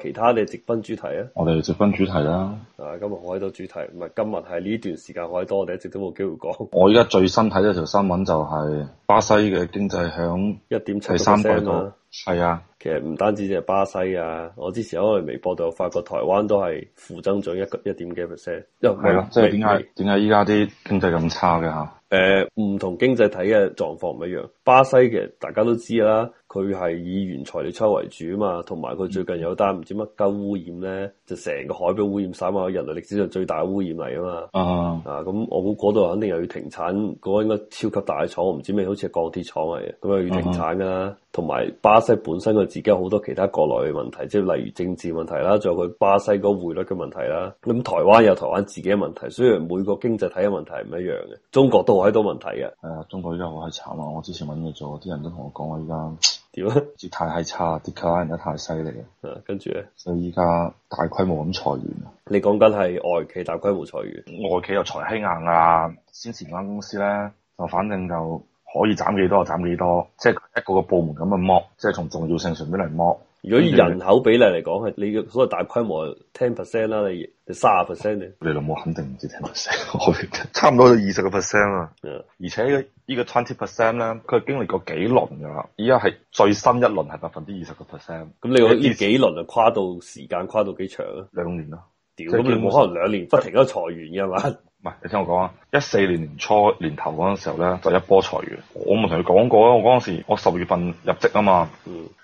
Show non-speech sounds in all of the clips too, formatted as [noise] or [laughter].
其他你直奔主題啊！我哋直奔主題啦、啊。啊，今日開到主題，唔係今日係呢段時間開多，我哋一直都冇機會講。我而家最新睇到條新聞就係巴西嘅經濟響一點七 percent 係三倍多。係啊。其實唔單止就係巴西啊，我之前喺我哋微博度發覺台灣都係負增長一一點幾 percent。因為係咯，即係點解點解依家啲經濟咁差嘅嚇？誒、呃，唔同經濟體嘅狀況唔一樣。巴西其實大家都知啦，佢係以原材料為主啊嘛，同埋佢最近有單唔知乜鳩污染咧，就成個海表污染曬嘛，人類歷史上最大污染嚟啊嘛，uh huh. 啊咁我估嗰度肯定又要停產，嗰應該超級大嘅廠，唔知咩好似係鋼鐵廠嚟嘅，咁又要停產噶啦。同埋、uh huh. 巴西本身佢自己好多其他國內嘅問題，即係例如政治問題啦，仲有佢巴西嗰匯率嘅問題啦。咁台灣有台灣自己嘅問題，雖然每個經濟體嘅問題唔一樣嘅，中國都好多問題嘅。係啊、uh，huh. 中國依家好係慘啊，我之前問咁嘅做，啲人都同我講話依家屌，啊嗎？業態太差，啲 client 太犀利啊！跟住咧，所以依家大規模咁裁員啊！你講緊係外企大規模裁員，外企又裁欺硬啊！先前間公司咧，就反正就可以斬幾多就斬幾多，即係一個個部門咁去剝，即係從重要性上面嚟剝。如果以人口比例嚟講係你嘅，所謂大規模 ten percent 啦，你如卅 percent 你。你老母肯定唔知 ten percent，差唔多二十個 percent 啊！Yeah. 而且個呢個依個 twenty percent 咧，佢係經歷過幾輪㗎啦。而家係最新一輪係百分之二十個 percent。咁你話依幾輪啊，跨到時間跨到幾長啊？兩年啦。屌，咁你冇可能兩年不停都裁員㗎嘛？ [laughs] 唔係，你聽我講啊！一四年年初年頭嗰陣時候咧，就一波裁員。我冇同你講過啦，我嗰陣時我十月份入職啊嘛。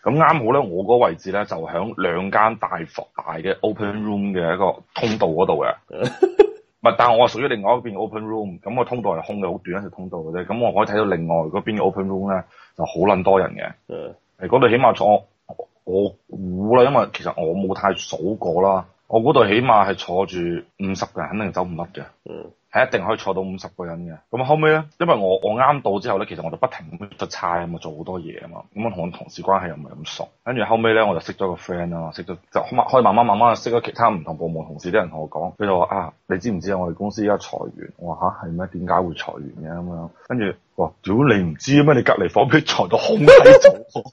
咁啱、嗯、好咧，我嗰個位置咧就喺兩間大房大嘅 open room 嘅一個通道嗰度嘅。唔係， [laughs] 但係我係屬於另外一邊 open room，咁個通道係空嘅，好短一條通道嘅啫。咁我可以睇到另外嗰邊嘅 open room 咧就好捻多人嘅。誒、嗯，嗰度起碼坐我，我估啦，因為其實我冇太數過啦。我嗰度起碼係坐住五十個人，肯定走唔甩嘅，係、嗯、一定可以坐到五十個人嘅。咁後尾咧，因為我我啱到之後咧，其實我就不停咁出差啊嘛，做好多嘢啊嘛。咁啊，我同同事關係又唔係咁熟，跟住後尾咧，我就識咗個 friend 嘛，識咗就可以慢慢慢慢啊識咗其他唔同部門同事啲人同我講，佢就話啊，你知唔知啊？我哋公司而家裁員，我話吓，係、啊、咩？點解會裁員嘅咁樣？跟住話屌你唔知咩？你隔離房畀裁到空低咗。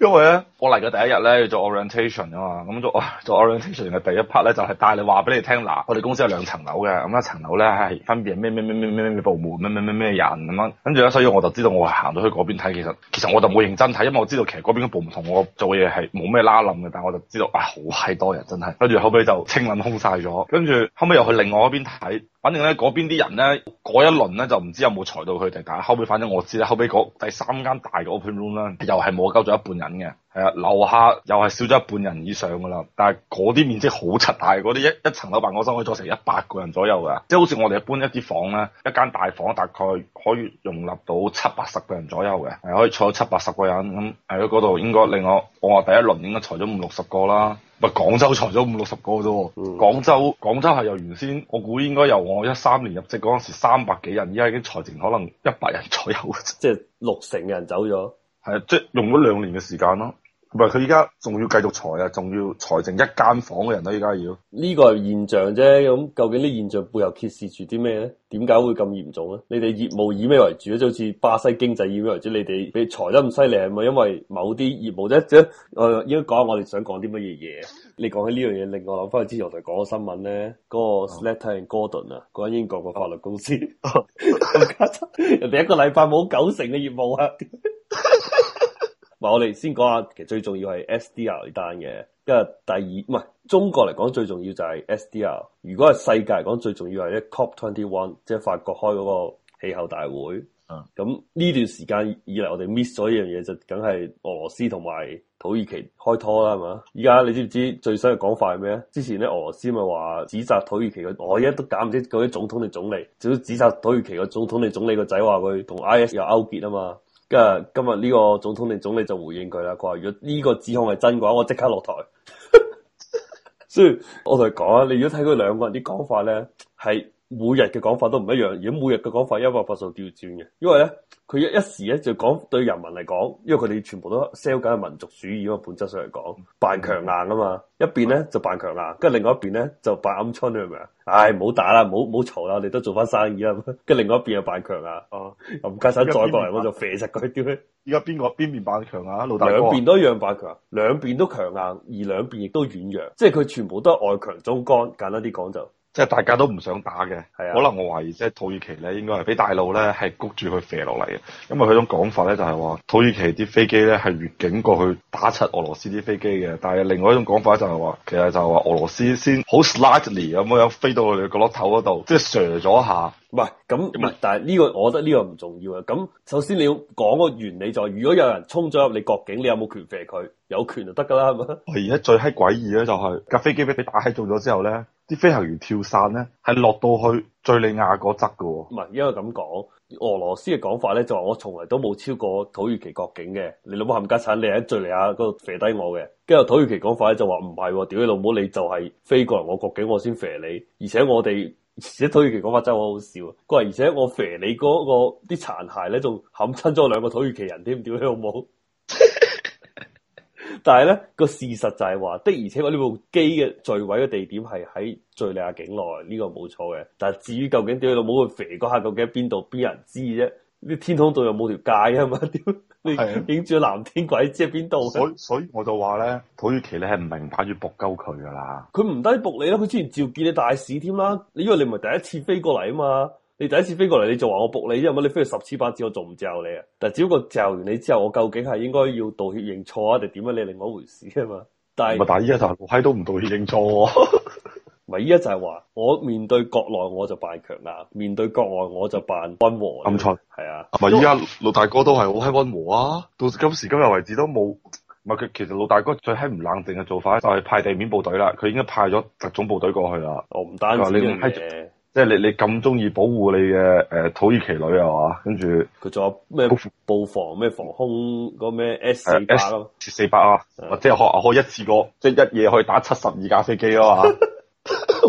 因為咧，我嚟嘅第一日咧，要做 orientation 啊嘛，咁做啊做 orientation 嘅第一 part 咧，就係帶你話俾你聽嗱，我哋公司有兩層樓嘅，咁一層樓咧係分別咩咩咩咩咩咩部門咩咩咩咩人咁樣，跟住咧，所以我就知道我係行到去嗰邊睇，其實其實我就冇認真睇，因為我知道其實嗰邊嘅部門同我做嘅嘢係冇咩拉冧嘅，但係我就知道啊，哎、好閪多人真係，跟住後尾就清冷空晒咗，跟住後尾又去另外一邊睇。反正咧，嗰邊啲人咧，嗰一輪咧就唔知有冇裁到佢哋，但後尾，反正我知啦。後尾第三間大嘅 open room 啦，又係冇夠咗一半人嘅，係啊，樓下又係少咗一半人以上噶啦。但係嗰啲面積好闊大，嗰啲一一層樓辦公室可以坐成一百個人左右嘅，即係好似我哋一般一啲房咧，一間大房大概可以容納到七八十個人左右嘅，係可以坐七八十個人咁，喺嗰度應該令我我第一輪應該裁咗五六十個啦。唔係廣州裁咗五六十個啫喎。嗯，廣州廣州係由原先我估應該由我一三年入職嗰陣時三百幾人，而家已經裁剩可能一百人左右即人，即係六成嘅人走咗。係啊，即係用咗兩年嘅時間咯。唔係佢依家仲要繼續裁啊，仲要裁剩一間房嘅人啦，依家要呢個係現象啫。咁究竟呢現象背後揭示住啲咩咧？點解會咁嚴重咧？你哋業務以咩為主咧？就好似巴西經濟以咩為主？你哋你裁得咁犀利係咪？因為某啲業務啫？誒，要講我哋想講啲乜嘢嘢？你講起呢樣嘢，令我諗翻去之前我哋講嘅新聞咧，嗰、那個 Slater and Gordon 啊，嗰間英國嘅法律公司，哦、 [laughs] [laughs] 人哋一個禮拜冇九成嘅業務啊！話我哋先講下，其實最重要係 SDR 單嘅，因為第二唔係中國嚟講最重要就係 SDR。如果係世界嚟講最重要係一 COP21，即係法國開嗰個氣候大會。嗯，咁呢段時間以嚟我哋 miss 咗一樣嘢，就梗係俄羅斯同埋土耳其開拖啦，係嘛？依家你知唔知最新嘅講法係咩啊？之前咧俄羅斯咪話指責土耳其嘅，我依家都搞唔知嗰啲總統定總理，就要指責土耳其嘅總統定總理個仔話佢同 IS 又勾結啊嘛？今日今日呢個總統定總理就回應佢啦，佢話如果呢個指控係真嘅話，我即刻落台。 [laughs] 所以我同你講啊，你如果睇佢兩個人啲講法咧，係。每日嘅講法都唔一樣，如果每日嘅講法一百八十度調轉嘅，因為咧佢一時咧就講對人民嚟講，因為佢哋全部都 sell 緊民族主義咁嘅本質上嚟講，扮強硬啊嘛，一邊咧就扮強硬，跟住另外一邊咧就扮鵪鶉，係咪？啊、哎？唉，唔好打啦，唔好唔好嘈啦，你都做翻生意啦，跟住另外一邊又扮強硬，哦、 [laughs] 啊，又唔夾手再過嚟我就肥實佢，點咧？而家邊個邊邊扮強硬、啊？老大哥，兩邊都一樣扮強，兩邊都強硬，而兩邊亦都軟弱，即係佢全部都外強中乾，簡單啲講就。即係大家都唔想打嘅、啊，可能我懷疑即係土耳其咧，應該係俾大陸咧係谷住佢射落嚟嘅。因為佢種講法咧就係、是、話土耳其啲飛機咧係越境過去打柒俄羅斯啲飛機嘅，但係另外一種講法就係、是、話其實就話俄羅斯先好 slightly 咁樣飛到佢哋角落頭嗰度，即係射咗下。唔係咁唔係，那是但係呢個我覺得呢個唔重要嘅。咁首先你要講個原理就係、是，如果有人衝咗入你國境，你有冇權射佢？有權就得㗎啦，係咪？而家最閪詭異咧就係、是、架飛機俾你打喺中咗之後咧。啲飛行員跳傘咧，係落到去敍利亞嗰側嘅喎。唔係，因為咁講，俄羅斯嘅講法咧就話我從來都冇超過土耳其國境嘅。你老母冚家鏟，你喺敍利亞嗰度射低我嘅。跟住土耳其講法咧就話唔係，屌你老母，你就係飛過嚟我國境，我先射你。而且我哋而且土耳其講法真係好好笑。啊。喂，而且我肥你嗰、嗰個啲殘骸咧，仲冚親咗兩個土耳其人添，屌你老母！但係咧，個事實就係話，的而且確呢部機嘅墜毀嘅地點係喺敍利亞境內，呢、這個冇錯嘅。但係至於究竟你老母去肥哥客究竟喺邊度，邊人知啫？啲天空度又冇條街啊嘛，屌的！係影住藍天，鬼知喺邊度？所以所以我就話咧，土耳其咧係唔明擺要撲鳩佢噶啦。佢唔單止撲你啦，佢之前召見你大使添啦。你因為你唔係第一次飛過嚟啊嘛。你第一次飛過嚟，你就話我駁你，因為乜你飛去十次八次我仲唔咒你啊？但係只不過咒完你之後，我究竟係應該要道歉認錯啊，定點樣啊？你另外一回事啊嘛。但係，咪但依家就老嗨都唔道歉認錯。咪依家就係話，我面對國內我就扮強硬，面對國外我就扮溫和。唔錯、嗯，係啊。咪依家老大哥都係好嗨溫和啊。到今時今日為止都冇。咪其其實老大哥最嗨唔冷靜嘅做法就係派地面部隊啦。佢已經派咗特種部隊過去啦。我唔單止即係你你咁中意保護你嘅誒、呃、土耳其女啊嘛，跟住佢仲有咩布防咩我防空嗰咩 S 四百咯，四百啊的或，或者開開一次過，即、就、係、是、一夜可以打七十二架飛機咯嚇。 [laughs]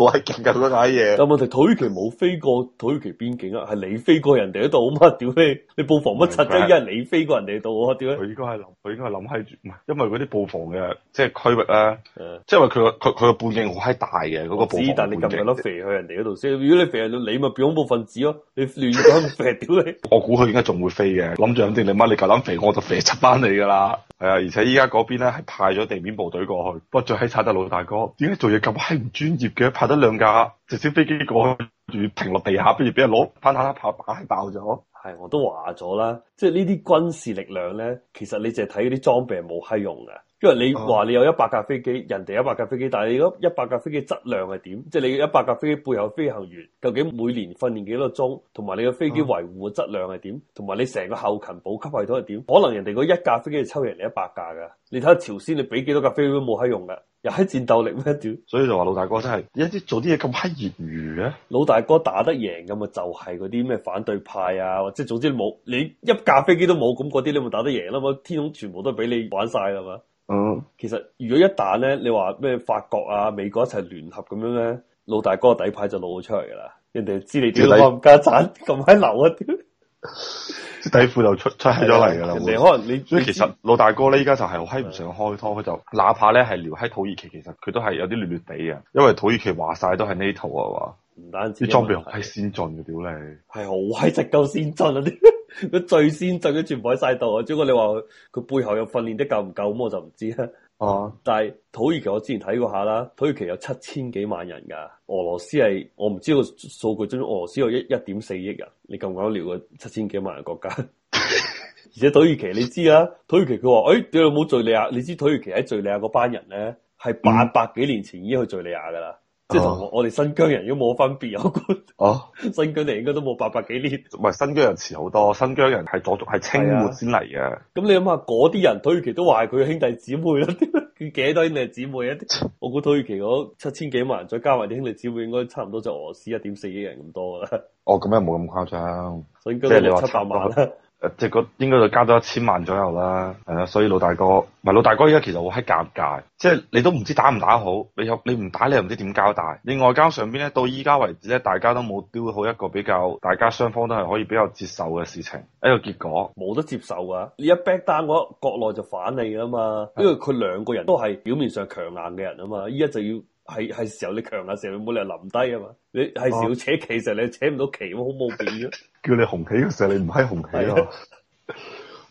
我係近近嗰啲嘢。 [laughs] 但係問題，土耳其冇飛過土耳其邊境啊，係你飛過人哋嗰度啊嘛？屌你，你布防乜柒啫？因為 My friend, 你飛過人哋度我屌！佢應該係諗，佢應該係諗喺住，唔係因為嗰啲布防嘅即係區域啦，即係話佢個佢佢個半徑好閪大嘅嗰個布防，但你咁樣,都肥去人哋嗰度先。如果你肥到你咪變恐怖分子咯，你亂咁肥屌你！我估佢應該仲會飛嘅，諗住肯定你媽你夠膽肥，我就肥七翻你噶啦。係啊，而且依家嗰邊咧係派咗地面部隊過去。不過最閪柒得老大哥，點解做嘢咁閪唔專業嘅？派得兩架直升飛機過去住停落地下，不如俾人攞反坦克炮打爆咗。係，我都話咗啦，即係呢啲軍事力量咧，其實你淨係睇嗰啲裝備係冇閪用嘅。因為你話你有一百架飛機，人哋一百架飛機，但係你嗰一百架飛機質量係點？即係你一百架飛機背後飛行員究竟每年訓練幾多個鐘，同埋你個飛機維護嘅質量係點？同埋你成個後勤補給系統係點？可能人哋嗰一架飛機抽人哋一百架㗎。你睇下朝鮮，你俾幾多架飛機都冇閪用㗎？又閪戰鬥力咩屌？所以就話老大哥真係一啲做啲嘢咁閪懸殊啊！老大哥打得贏咁啊，就係嗰啲咩反對派啊，或者總之冇你一架飛機都冇咁嗰啲，那那你咪打得贏啦嘛？天空全部都俾你玩晒啦嘛～嗯，其實如果一打咧，你話咩法國啊、美國一齊聯合咁樣咧，老大哥嘅底牌就露咗出嚟噶啦，人哋知你點睇。加盞咁嗨流啊屌，底褲就出出喺咗嚟噶啦。的人哋可能你，其實老大哥咧，依家就係好嗨唔想開拖，的佢就哪怕咧係撩喺土耳其，其實佢都係有啲劣劣地啊，因為土耳其話晒都係呢套啊嘛，唔單止裝備好嗨的先進嘅屌你，係好嗨直夠先進啊 [laughs] 佢最先進嘅全部喺曬度，只不過你話佢背後又訓練得夠唔夠咁，我就唔知啦。哦、啊，但係土耳其我之前睇過下啦，土耳其有七千幾萬人噶。俄羅斯係我唔知道個數據中，俄羅斯有一一點四億人。你夠唔夠聊個七千幾萬人國家？ [laughs] 而且土耳其你知啊，土耳其佢話誒，你、哎、有冇敍利亞？你知土耳其喺敍利亞嗰班人咧，係八百幾年前已經去敍利亞噶啦。嗯即係同我哋新疆人如果冇分別啊！哦，新疆人應該都冇八百幾年，唔係新疆人遲好多，新疆人係早族係清末先嚟嘅。咁、啊、你諗下嗰啲人土耳其都話係佢嘅兄弟姊妹咯，佢 [laughs] 幾多兄弟姊妹啊？ [laughs] 我估土耳其嗰七千幾萬人，再加埋啲兄弟姊妹，應該差唔多就俄羅斯一點四億人咁多啦。哦，咁又冇咁誇張，新疆人說你話七百萬啦。誒，即係應該就加咗一千萬左右啦，係啊，所以老大哥，唔係老大哥，依家其實好尷尬，即係你都唔知打唔打好，你又你唔打你又唔知點交代，你外交上邊咧到依家為止咧，大家都冇丟好一個比較，大家雙方都係可以比較接受嘅事情，一個結果冇得接受啊。你一 back down 國內就反你啊嘛，因為佢兩個人都係表面上強硬嘅人啊嘛，依家就要。係係時候你強硬，時候你冇理由臨低啊嘛！你係時候要扯旗，啊、 [laughs] 時候你扯唔到旗好冇面啫。叫你紅旗嘅時候，你唔係紅旗啊。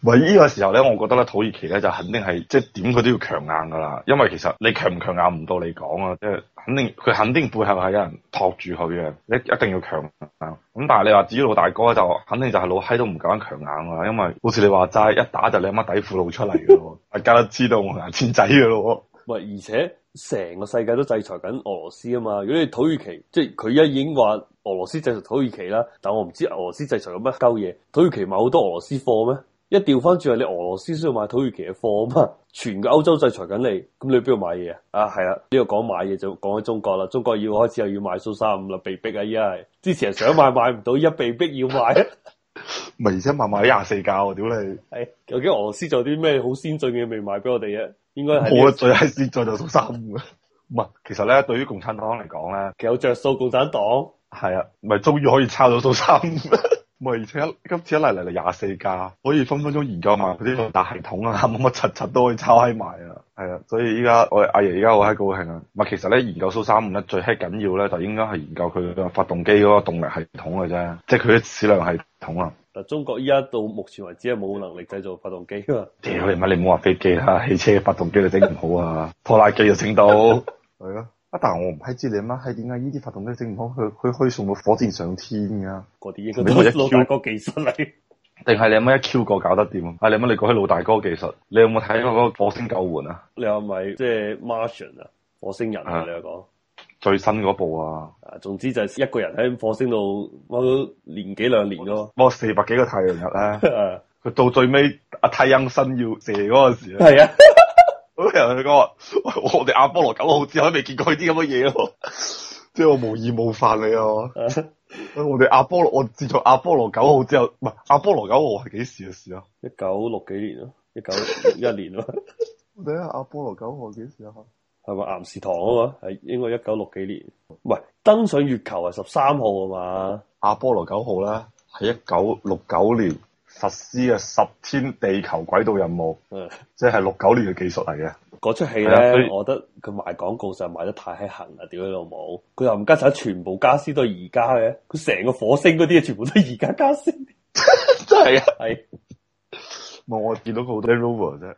喂，呢個時候咧，我覺得咧，土耳其咧就肯定係即係點佢都要強硬噶啦。因為其實你強唔強硬唔到你講啊，即係肯定佢肯定背後係有人托住佢嘅，你一定要強硬。咁但係你話至於老大哥咧，就肯定就係老閪都唔敢強硬噶啦。因為好似你話齋，一打就你阿媽底褲露出嚟嘅咯，大家 [laughs] 都知道我牙尖仔嘅咯。喂， [laughs] 而且。成個世界都制裁緊俄羅斯啊嘛，如果你土耳其，即係佢一已經話俄羅斯制裁土耳其啦，但我唔知俄羅斯制裁咗乜鳩嘢，土耳其買好多俄羅斯貨咩？一調翻轉係你俄羅斯需要買土耳其嘅貨啊嘛，全個歐洲制裁緊你，咁你邊度買嘢啊？啊係啊，呢個講買嘢就講喺中國啦，中國要開始又要買蘇三五啦，被逼啊，依家係之前想買買唔到，一被逼要買。唔係，而且賣賣咗廿四架喎，屌你！係究竟俄羅斯做啲咩好先進嘅未賣俾我哋嘅？應該係、這個、我最閪先進就，再做數三五嘅。唔係，其實咧，對於共產黨嚟講咧，幾有着數？共產黨係啊，唔係終於可以抄到數三五啦。唔 [laughs] 係，而且今次一嚟嚟嚟廿四架，可以分分鐘研究埋嗰啲大系統啊，乜乜柒柒都可以抄起埋啊。係 [laughs] 啊，所以依家我阿爺而家好閪高興啊。唔係，其實咧研究數三五咧最閪緊要咧就應該係研究佢嘅發動機嗰個動力系統嘅啫，即係佢啲矢量系統啊。嗱，但中國依家到目前為止係冇能力製造發動機噶。屌你媽，你唔好話飛機啦，汽車嘅發動機你整唔好啊，拖 [laughs] 拉機就整到係咯。 [laughs] 啊，但係我唔係知你媽係點解呢啲發動機整唔好，佢佢可以送到火箭上天噶，啊。嗰啲嘢，應該都係老大哥技術嚟，定係你媽一 Q 過搞得掂？啊你媽你講起老大哥技術，你有冇睇嗰個火星救援啊？你係咪即係 Martian 啊？火星人啊？ [laughs] 你話講？最新嗰部啊，啊，總之就係一個人喺火星度，摸到年幾兩年咯，摸四百幾個太陽日咧，佢 [laughs] 到最尾阿太陽新要射嗰陣時咧，係啊，好多人講話，我哋阿波羅九號之後未見過佢啲咁嘅嘢咯，即係我無意冒犯你啊，我哋阿波羅我自從阿波羅九號之後，唔係阿波羅九號係幾時嘅事啊？一九六幾年啊，一九六一年咯，等下 [laughs] 阿波羅九號幾時啊？係咪岩士堂啊？嘛係應該一九六幾年，唔係登上月球係十三號啊嘛。阿波羅九號啦，係一九六九年實施嘅十天地球軌道任務，即係六九年嘅技術嚟嘅。嗰出戲咧，我覺得佢賣廣告就賣得太閪痕啦，屌你老母！佢又唔加上全部家私都係而家嘅，佢成個火星嗰啲嘢全部都係而家家私，真係啊！係，冇我見到佢好多 robot 啫。